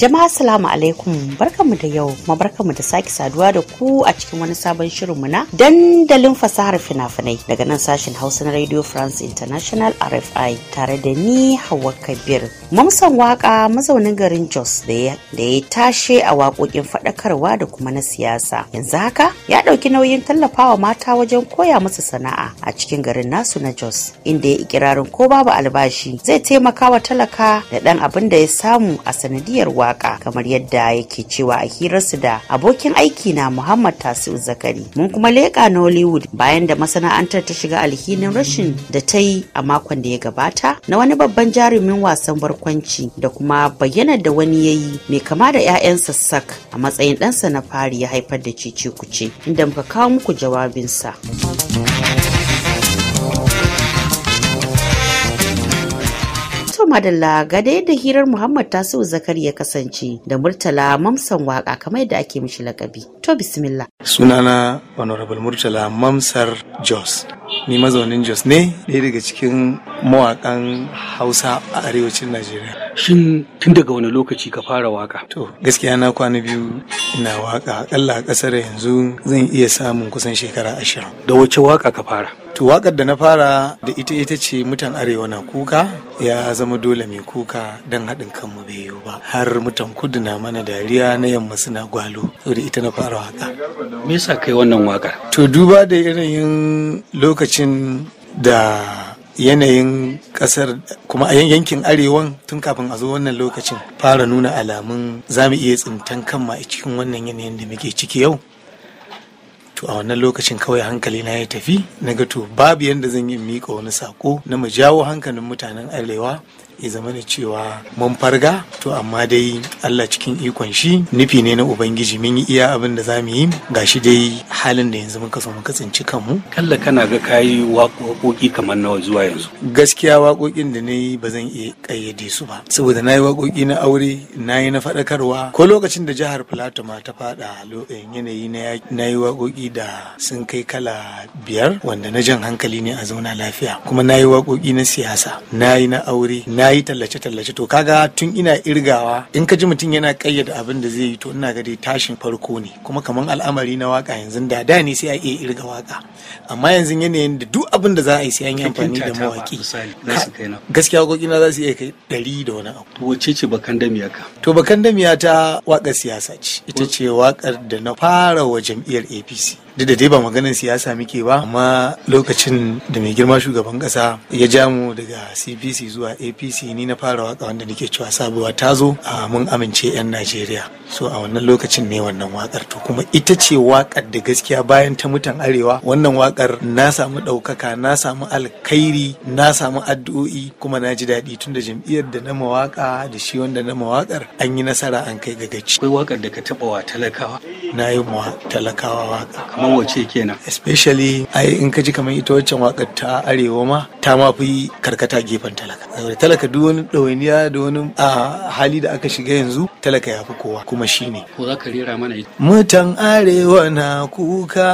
Jama'a salamu alaikum barkanmu da yau kuma barkanmu da sake saduwa da ku a cikin wani sabon shirinmu na dandalin fasahar fina-finai daga nan sashen Hausa na Radio France International RFI tare da ni Hauwa Kabir. Mamsan waka mazaunin garin Jos da ya tashe a waƙoƙin faɗakarwa da kuma na siyasa. Yanzu haka ya ɗauki nauyin tallafawa mata wajen koya musu sana'a a cikin garin nasu na Jos inda ya ikirarin ko babu albashi zai taimaka wa talaka da ɗan abin da ya samu a sanadiyar wa. waka kamar yadda yake cewa a hirarsu da abokin aiki na Muhammad Tasiu Zakari. Mun kuma leƙa hollywood bayan da masana'antar ta shiga alhinin rashin da ta yi a makon da ya gabata na wani babban jarumin wasan barkwanci da kuma bayyana da wani ya yi mai kama da 'ya'yan sassak a matsayin ɗansa na fari ya haifar da cece kuce inda muka kawo muku jawabinsa. madalla ga da hirar Muhammad tasiru Zakari ya kasance da Murtala Mamsan waka kamar yadda ake mishi lakabi. To bismillah. Sunana Honorable Murtala Mamsar Jos. Ni mazaunin Jos ne ɗaya daga cikin mawakan Hausa a arewacin Najeriya. Shin tun daga wani lokaci ka fara waka? To gaskiya na kwana biyu ina waka akalla a ƙasar yanzu zan iya samun kusan shekara ashirin. Da wace waka ka fara? To wakar da na fara da ita ita ce mutan arewa na kuka ya zama dole mai kuka don haɗin kanmu bai yiwu ba har mutan kudu na mana dariya na yamma suna gwalo da ita na fara waka. Me yasa kai wannan waka? To duba da yanayin lokacin da yanayin kasar kuma a yankin arewan tun kafin a zo wannan lokacin fara nuna alamun za mu iya tsintan kanmu a cikin wannan yanayin da muke ciki yau to a wannan lokacin kawai hankali na ya tafi na ga to babu yadda zan yi miƙa wani sako na mu jawo hankalin mutanen arewa ya zama ne cewa mun farga to amma dai Allah cikin ikon shi nufi ne na ubangiji mun yi iya abin da zamu yi gashi dai halin da yanzu muka so tsinci kanmu kalla kana ga kayi waƙoƙi kamar nawa zuwa yanzu gaskiya waƙoƙin da nayi ba zan iya kayyade su ba saboda nayi waƙoƙi na aure nayi na faɗakarwa ko lokacin da jihar Plateau ma ta faɗa eh, yanayi na nayi waƙoƙi da sun kai kala biyar wanda na jan hankali ne a zauna lafiya kuma nayi waƙoƙi na siyasa nayi na aure na na yi tallace-tallace to kaga tun ina irgawa in ka ji mutum yana kayyada abin da zai yi to ina ga dai tashin farko ne kuma kamar al'amari na waka yanzu da da ne sai a iya irga waka amma yanzu yanayin da duk abin da za a yi sai an yi amfani da mawaki gaskiya wakoki na za su iya kai dari da wani abu wace ce bakan damiya ka to bakan damiya ta waka siyasa ce ita ce wakar da na fara wa jam'iyyar apc duk da dai ba maganin siyasa muke ba amma lokacin da mai girma shugaban kasa ya ja mu daga cpc zuwa apc ni na fara waka wanda nake cewa sabuwa ta zo a mun amince 'yan najeriya so a wannan lokacin ne wannan wakar to kuma ita ce wakar da gaskiya bayan ta mutan arewa wannan wakar na samu ɗaukaka na samu alkhairi na samu addu'o'i kuma na ji daɗi tun da jam'iyyar da na mawaka da shi wanda na mawakar an yi nasara an kai ga gaci akwai wakar da ka taɓa wa talakawa na yi wa talakawa waka kamar wace kenan especially ai in ka ji kamar ita waccan wakar ta arewa ma ta ma fi karkata gefen talaka talaka duk wani ɗawainiya da wani a hali da aka shiga yanzu talaka ya fi kowa kuma shine ko za ka rera mana ita mutan arewa na kuka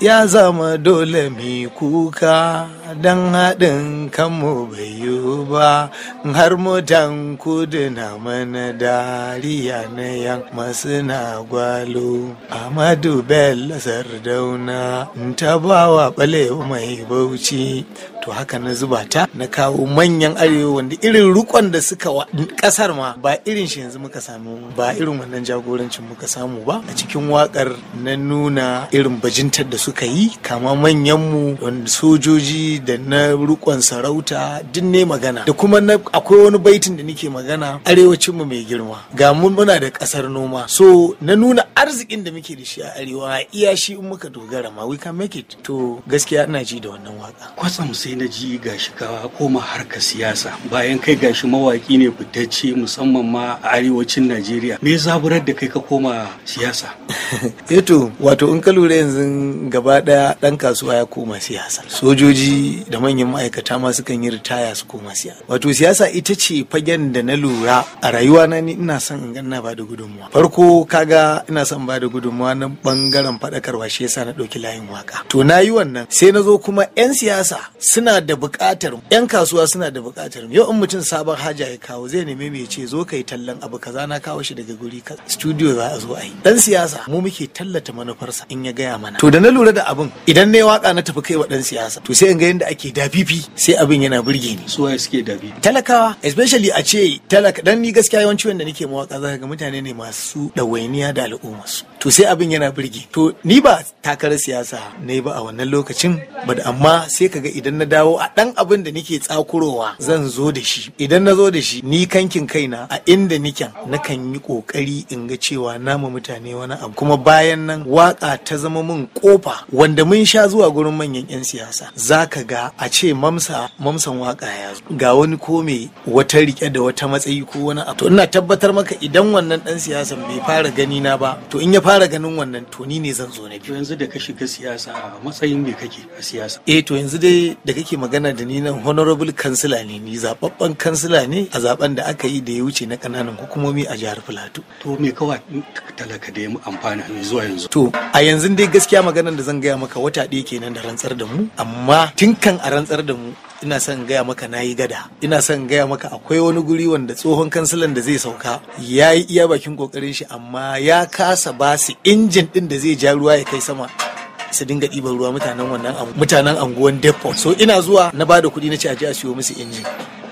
ya zama dole mi kuka don haɗin kanmu bai yiwu ba har mutan kudu na mana dariya na yan masu na gwalo amadu bel sardauna ta bawa balewa mai bauchi to haka na zuba ta na kawo manyan arewa wanda irin rukon da suka wa kasar ma ba irin shi yanzu muka samu ba irin wannan jagorancin muka samu ba a cikin wakar na nuna irin bajintar da suka yi kama manyanmu mu sojoji da na rukon sarauta duk ne magana da kuma akwai wani baitin da nake magana arewacin mu mai girma ga mun muna da kasar noma so na nuna arzikin da muke da shi a arewa iya shi in muka dogara ma we can make it to gaskiya ina ji da wannan waka kwatsam sai na ji gashi ka koma harka siyasa bayan kai gashi mawaki ne fitacce musamman ma a arewacin Najeriya me zaburar da kai ka koma siyasa eto eh wato in ka lura yanzu gaba daya dan kasuwa ya koma siyasa sojoji da manyan ma'aikata ma sukan yi ritaya su koma siya. wato siyasa ita ce fagen da na lura a rayuwa na ni ina son in ganna bada da gudunmuwa farko kaga ina son bada da gudunmuwa na bangaren faɗakarwa shi yasa na dauki layin waka to na yi wannan sai na zo kuma 'yan siyasa suna da buƙatar 'yan kasuwa suna da buƙatar yau in mutum sabon haja ya kawo zai neme me ce zo kai tallan abu kaza na kawo shi daga guri ka studio za a zo a yi dan siyasa mu muke tallata manufarsa in ya gaya mana to da na lura da abin idan na waka na tafi kai wa dan siyasa to sai in ga yanda ake dafifi sai abin yana burge ni su suke dabibi talakawa especially a ce talaka dan ni gaskiya yawanci wanda nake mawaka zaka ga mutane ne masu dawainiya da al'umma su to sai abin yana burge to ni ba takarar siyasa ne ba a wannan lokacin ba amma sai kaga idan na dawo a dan abin da nake tsakurowa zan zo da shi idan na zo da shi ni kankin kaina a inda niken nakan yi kokari in ga cewa namu mutane wani abu kuma bayan nan waka ta zama min kofa wanda mun sha zuwa gurin manyan 'yan siyasa zaka ga a ce mamsa mamsan waka ya zo ga wani ko wata rike da wata matsayi ko wani abu to ina tabbatar maka idan wannan dan siyasan bai fara gani na ba to in ya fara ganin wannan to ni ne zan zo na biyu yanzu da ka shiga siyasa a matsayin me kake a siyasa eh to yanzu dai da kake magana da ni nan honorable kansila ne ni zababban kansila ne a zaben da aka yi da ya wuce na kananan hukumomi a jihar Plateau to me kawai talaka da ya amfana zuwa yanzu to a yanzu dai gaskiya maganar da zan gaya maka wata ɗaya kenan da rantsar da mu amma tun kan a rantsar da mu ina son gaya maka na yi gada ina son gaya maka akwai wani guri wanda tsohon kansilan da zai sauka ya yi iya bakin kokarin shi amma ya kasa ba su injin din da zai ja ruwa ya kai sama su dinga ɗiban ruwa mutanen wannan mutanen anguwan depo so ina zuwa na bada kuɗi na ce a je a siyo musu injin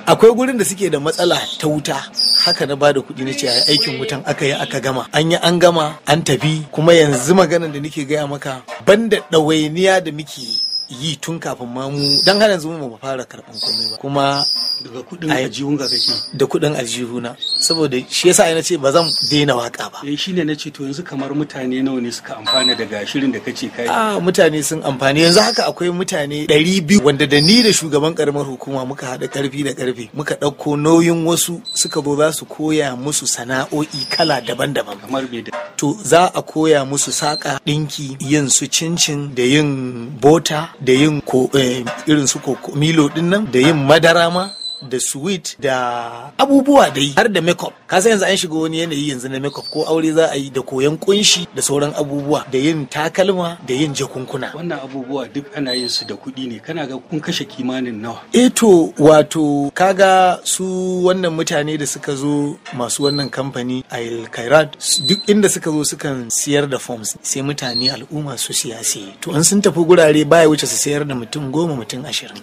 akwai gurin da suke da matsala ta wuta haka na bada kuɗi na ce a aikin wutan aka yi aka gama an yi an gama an tafi kuma yanzu maganan da nake gaya maka banda ɗawainiya da muke yi tun kafin mamu. mu dan har yanzu mu fara karban komai ba kuma daga kudin aljihun ga kake da kudin aljihuna saboda shi yasa ai nace ba zan daina waka ba eh shine nace to yanzu kamar mutane nawa ne suka amfana daga shirin da kace kai a ah, mutane sun amfani yanzu haka akwai mutane 200 wanda da ni da shugaban karamar hukuma muka hada karfi da karfi muka dauko nauyin wasu suka zo za su koya musu sana'o'i kala daban-daban kamar to za a koya musu saka dinki yin su cincin da yin bota da yin eh, irin su milo din nan da yin madara ma da sweet da abubuwa dai har da makeup ka san yanzu an shiga wani yanayi yanzu na makeup ko aure za a yi da koyan kunshi da sauran abubuwa da yin takalma da yin jakunkuna wannan abubuwa duk ana yin su da kuɗi ne kana ga kun kashe kimanin nawa Eto eh to wato kaga su wannan mutane da suka zo masu wannan kamfani Ail Khairat duk inda suka zo sukan siyar da forms sai mutane al'umma su siyasi to an sun tafi gurare baya wuce su siyar da mutum goma mutum ashirin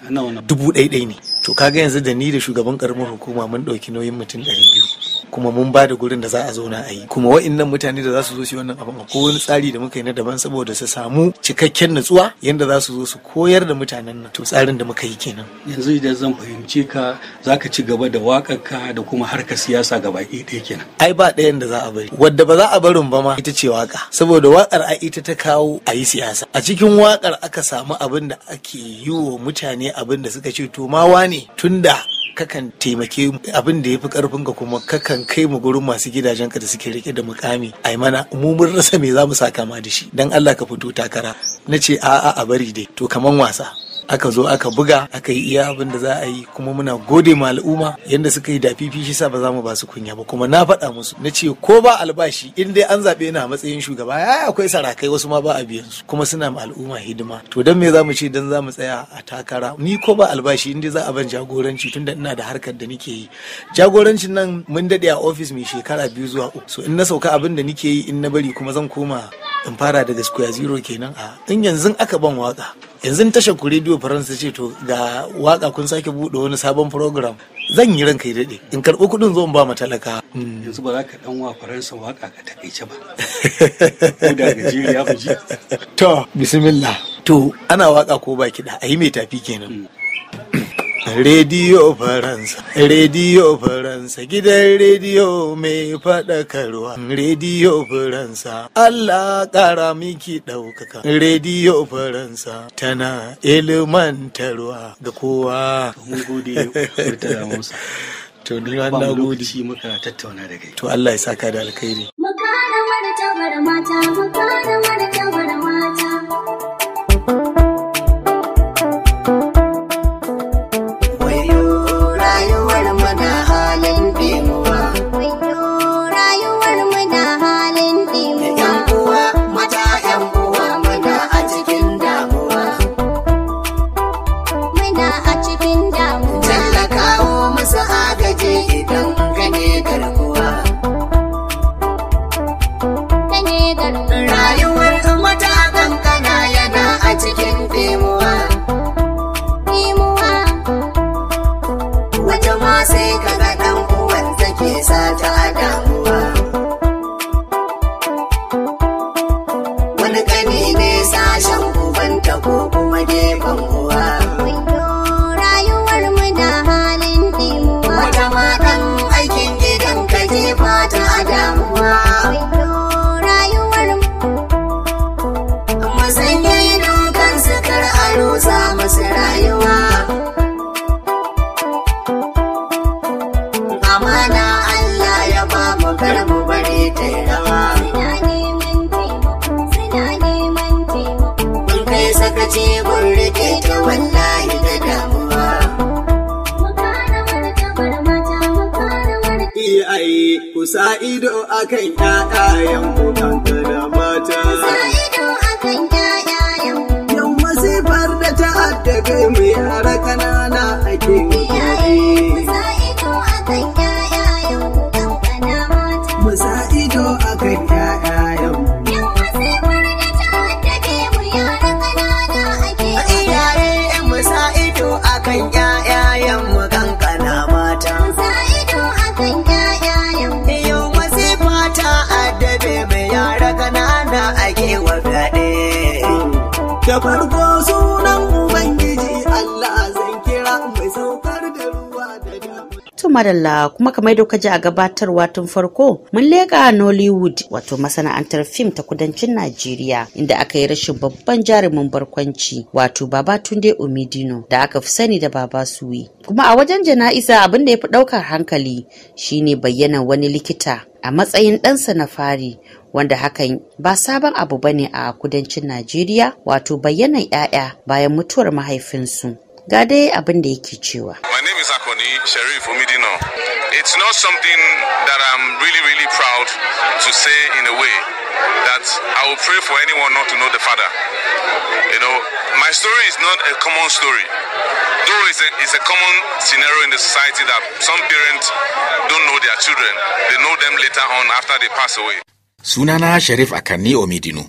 dubu ne to kaga yanzu da ni ni da shugaban karamar hukuma mun ɗauki nauyin mutum ɗari biyu kuma mun ba da gurin da za a zauna a yi kuma wa'annan mutane da za su zo su yi wannan abin akwai wani tsari da muka yi na daban saboda su samu cikakken natsuwa yadda za su zo su koyar da mutanen nan to tsarin da muka yi kenan yanzu idan zan fahimce ka ka ci gaba da ka, da kuma harkar siyasa gaba ɗaya kenan ai ba ɗayan da za a bari wadda ba za a barin ba ma ita ce waka saboda wakar a ita ta kawo a yi siyasa a cikin wakar aka samu abin da ake yi wa mutane abin da suka ce to ma wane tunda kakan taimake abin da ya fi karfin ka kuma kakan kai mu gurin masu gidajen ka da suke rike da mukami ai mana mu mun rasa me za mu saka ma da shi dan Allah ka fito takara na ce a'a a bari dai to kaman wasa aka zo aka buga aka yi iya abin da za a yi kuma muna gode ma al'umma yadda suka yi dafifi shi sa ba za mu ba su kunya ba kuma na faɗa musu na ce ko ba albashi in dai an zaɓe na matsayin shugaba ya akwai sarakai wasu ma ba a biyan su kuma suna ma al'umma hidima to dan me za mu ce dan za mu tsaya a takara ni ko ba albashi in dai za a ban jagoranci tunda ina da harkar da nake yi jagorancin nan mun daɗe a ofis mai shekara biyu zuwa uku so in na sauka abin da nake yi in na bari kuma zan koma in fara daga square zero kenan a in yanzu aka ban waka yanzu tashar ku rediyo faransa ce to ga waka kun sake bude wani sabon program zan yi ranka daɗe in karɓi kuɗin zo in ba matalaka. Hmm. yanzu ba za ka ɗan wa faransa waka ka takaice ba ko da gajeriya ba ji to bismillah to ana waka ko ba kiɗa a yi mai tafi kenan hmm. Rediyo Faransa, Rediyo Faransa, gidan rediyo mai faɗakarwa. Rediyo Faransa, Allah ƙara miki ɗaukaka. Rediyo Faransa tana ilmantarwa ga kowa. gode, To ni ma na gode. muka tattauna da kai. To Allah ya saka da alkhairi. Makara mata, makara mata. kuma gefen uwa ai ku sa ido akan ƴaƴayen ku da mata. Da farko sunan Ubangiji Allah zan kira mai saukar da ruwa da To madalla kuma kamar da ji a gabatarwa tun farko mun leƙa Nollywood wato masana'antar fim ta kudancin Najeriya inda aka yi rashin babban jarumin barkwanci wato Baba Tunde Omidino da aka fi sani da Baba Suwi. Kuma a wajen jana'iza abin da ya fi ɗaukar hankali shine bayyana wani likita a matsayin ɗansa na fari wanda hakan ba sabon abu bane a kudancin Najeriya wato bayyanan 'ya'ya bayan mutuwar mahaifinsu. ga dai abin da yake cewa. My name is Akoni Sherif Umidino. It's not something that I'm really really proud to say in a way that I will pray for anyone not to know the father. You know, my story is not a common story. Though it's a, it's a common scenario in the society that some parents don't know their children. They know them later on after they pass away. Sunana Sharif a kanni Omidino.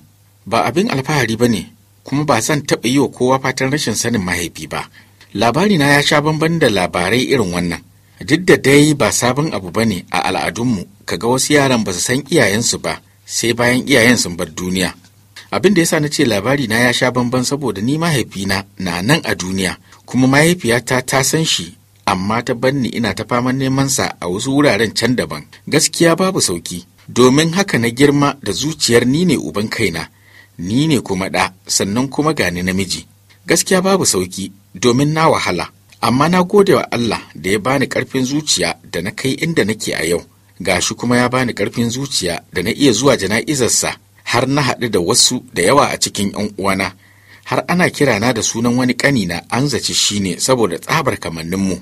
Ba abin alfahari ba ne, kuma ba zan taɓa yi wa kowa fatan rashin sanin mahaifi ba. Labarina ya sha bamban da labarai irin wannan. Duk da dai ba sabon abu ba ne a al'adunmu, kaga wasu yaran ba su san iyayensu ba, sai bayan iyayen sun bar duniya. Abin da yasa na ce labarina ya sha bamban saboda ni mahaifina na nan a duniya, kuma mahaifiyata ta san shi amma ta banni ina ta faman neman sa a wasu wuraren can daban gaskiya babu sauki domin haka na girma da zuciyar ni ne uban kaina ni ne kuma ɗa sannan kuma gani namiji gaskiya babu sauki domin na wahala amma na gode wa Allah da ya bani ƙarfin zuciya da na kai inda nake a yau gashi kuma ya bani ƙarfin zuciya da na iya zuwa jana'izarsa har na haɗu da wasu da yawa a cikin 'yan uwana har ana kirana da sunan wani ƙanina an zaci shi ne saboda tsabar kamanninmu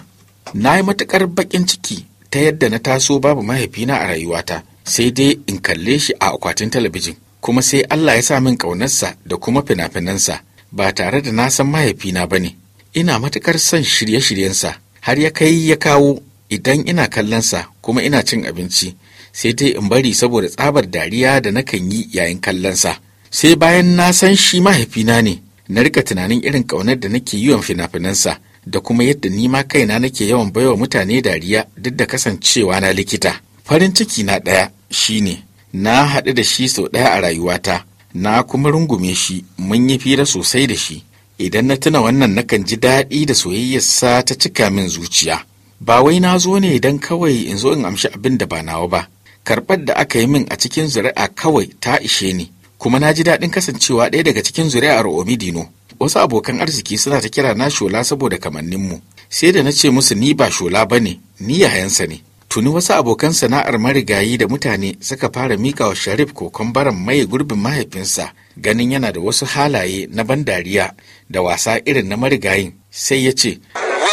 na yi matuƙar baƙin ciki ta yadda na taso babu mahaifina a rayuwata sai dai in kalle shi a akwatin talabijin kuma sai Allah ya sa min ƙaunarsa da kuma fina-finansa ba tare da na san mahaifina ba ne ina matukar son shirye-shiryensa har ya kai ya kawo idan ina kallonsa kuma ina cin abinci sai dai in bari saboda tsabar dariya da nakan yi yayin kallonsa sai bayan na san shi mahaifina ne na rika tunanin irin ƙaunar da nake yi wa fina-finansa da kuma yadda ni ma kaina nake yawan baiwa mutane dariya duk da kasancewa na likita farin ciki na ɗaya shi ne. na haɗu da shi sau ɗaya a rayuwata na kuma rungume shi mun yi fira sosai da shi idan na tuna wannan nakan ji daɗi da soyayyarsa ta cika min zuciya ba wai na zo ne idan kawai in zo in amshi abin da ba nawa ba karɓar da aka yi min a cikin zuri'a kawai ta ishe ni kuma na ji daɗin kasancewa ɗaya daga cikin zuri'ar omidino wasu abokan arziki suna ta kira na shola saboda kamanninmu sai da na ce musu ni ba shola ba ne ni yayansa ne Tuni wasu abokan sana'ar marigayi da mutane suka fara mika wa Sharif kokon baran mai gurbin mahaifinsa ganin yana da wasu halaye na ban dariya da wasa irin na marigayin sai ya ce.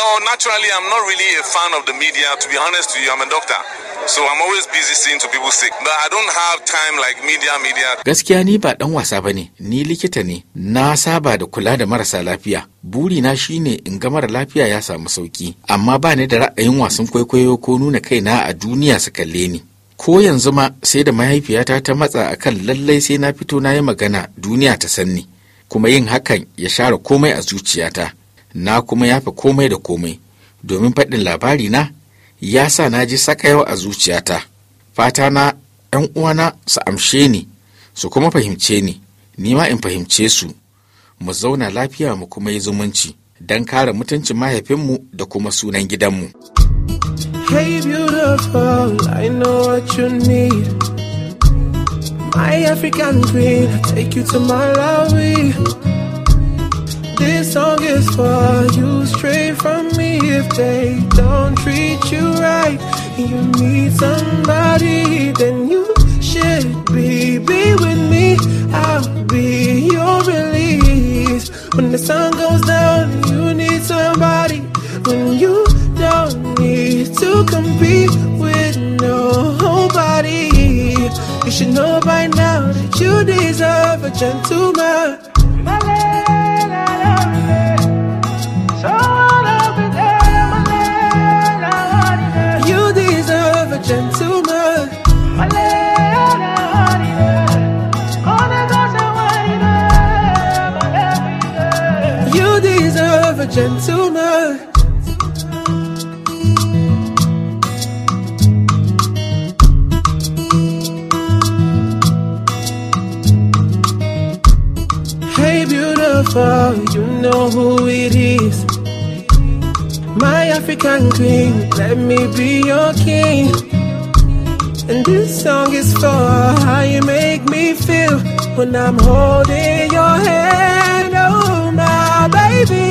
No, naturally, I'm not really a fan of the media. To be honest to you, I'm a doctor. So I'm always busy seeing to people sick. But I don't have time like media, media. Gaskiya ni ba dan wasa ba ne, ni likita ne. Na saba da kula da marasa lafiya. buri Burina ne in ga mara lafiya ya samu sauki. Amma ba ni da ra'ayin wasan kwaikwayo ko nuna kaina a duniya su kalle ni. Ko yanzu ma sai da mahaifiyata ta matsa a kan lallai sai na fito na yi magana duniya ta sanni. Kuma yin hakan ya share komai a zuciyata. na kuma yafa komai da komai domin faɗin labari na ya sa na ji sakayawa a zuciyata fata na ‘yan uwana su amshe ni su kuma fahimce ni nima in fahimce su mu zauna lafiya mu kuma yi zumunci don kare mutuncin mahaifinmu da kuma sunan gidanmu. Hey beautiful, My African queen, I take you to Malawi. This song is for you straight from me if they don't treat you right. You need somebody, then you should be. Be with me, I'll be your release. When the sun goes down, you need somebody. When you don't need to compete with nobody, you should know by now that you deserve a gentleman. gentleman. Hey, beautiful, you know who it is. My African queen, let me be your king. And this song is for how you make me feel when I'm holding your hand, oh my baby.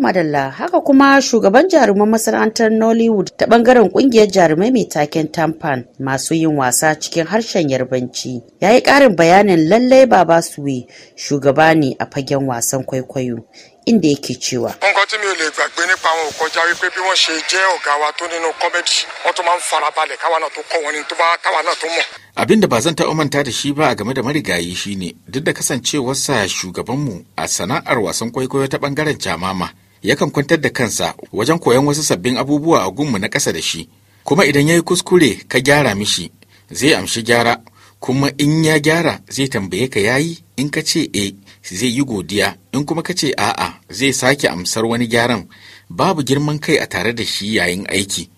madalla haka kuma shugaban jaruman masana'antar Nollywood ta bangaren kungiyar jarumai mai taken tampan masu yin wasa cikin harshen yarbanci ya yi karin bayanin lallai baba suwe shugaba ne a fagen wasan kwaikwayo inda yake cewa. nǹkan tí mi ò lè gbàgbé nípa àwọn òkọjá wípé bí wọn ṣe jẹ ọgá wa tó nínú kọmẹdì wọn tó máa ń balẹ káwa náà tó kọ wọn ni tó bá káwa náà tó mọ. abin da ba zan taɓa manta da shi ba a game da marigayi shine duk da kasancewarsa shugabanmu a sana'ar wasan kwaikwayo ta ɓangaren jamama yakan kwantar da kansa wajen koyon wasu sabbin abubuwa a gunmu na ƙasa da shi kuma idan ya yi kuskure ka gyara mishi zai amshi gyara kuma in ya gyara zai tambaye ka yayi in ka ce eh. zai yi godiya in kuma ka ce a'a zai sake amsar wani gyaran babu girman kai a tare da shi yayin aiki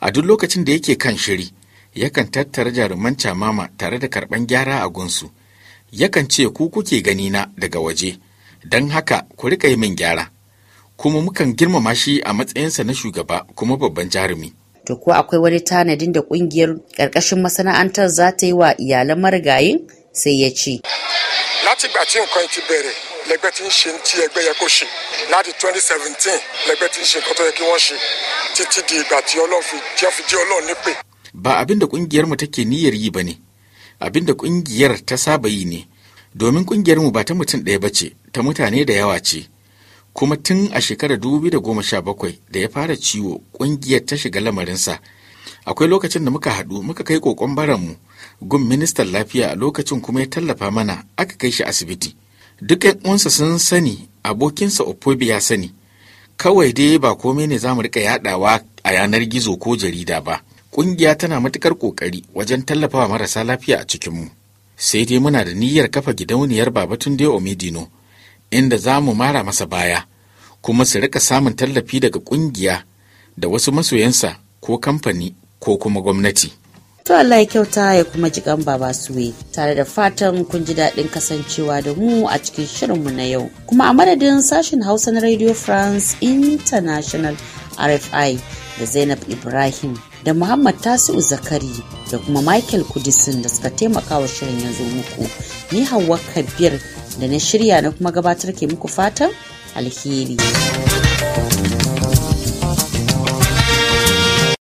a duk lokacin da yake kan shiri yakan tattara jaruman camama tare da karɓan gyara a gunsu yakan ce ku kuke gani na daga waje don haka ku riƙa yi min gyara kuma mukan girmama shi a matsayinsa na shugaba kuma babban jarumi to ko akwai wani tanadin da ƙungiyar ƙarƙashin masana'antar za ta yi wa iyalan marigayin sai ya ce gbà tí nǹkan ti bẹ̀rẹ̀ lẹgbẹ́ ti ń ṣe tí ẹgbẹ́ yẹ kó ṣe láti twenty seventeen lẹgbẹ́ ti ń ṣe nǹkan tó yẹ kí wọ́n ṣe títí di ìgbà tí ọlọ́run jẹ́ fi jẹ́ ọlọ́run nípè. ba abin da kungiyar mu take niyyar yi ba ne abin da kungiyar ta saba yi ne domin kungiyar mu ba ta mutum ɗaya ba ce ta mutane da yawa ce kuma tun a shekarar 2017 da goma sha bakwai da ya fara ciwo kungiyar ta shiga lamarinsa akwai lokacin da muka haɗu muka kai kokon baranmu gun ministan lafiya a lokacin kuma ya tallafa mana aka kai shi asibiti duk uwansa sun sani abokinsa opobi ya sani kawai dai ba komai ne za mu rika yaɗawa a yanar gizo ko jarida ba ƙungiya tana matukar ƙoƙari wajen tallafawa marasa lafiya a cikinmu sai dai muna da niyyar kafa gidauniyar babatun dai omidino inda za mu mara masa baya kuma su rika samun tallafi daga ƙungiya da wasu masoyansa ko kamfani ko kuma gwamnati To Allah ya kyauta ya kuma ji gan baba suwe tare da fatan kun ji daɗin kasancewa da mu a cikin shirinmu na yau. Kuma a madadin sashen Hausa na Radio France International RFI da Zainab Ibrahim da Muhammad Tasi'u Zakari da kuma Michael Kudisin da suka taimaka wa shirin yanzu muku. Ni Hauwa Kabir da na shirya na kuma gabatar ke muku fatan alheri.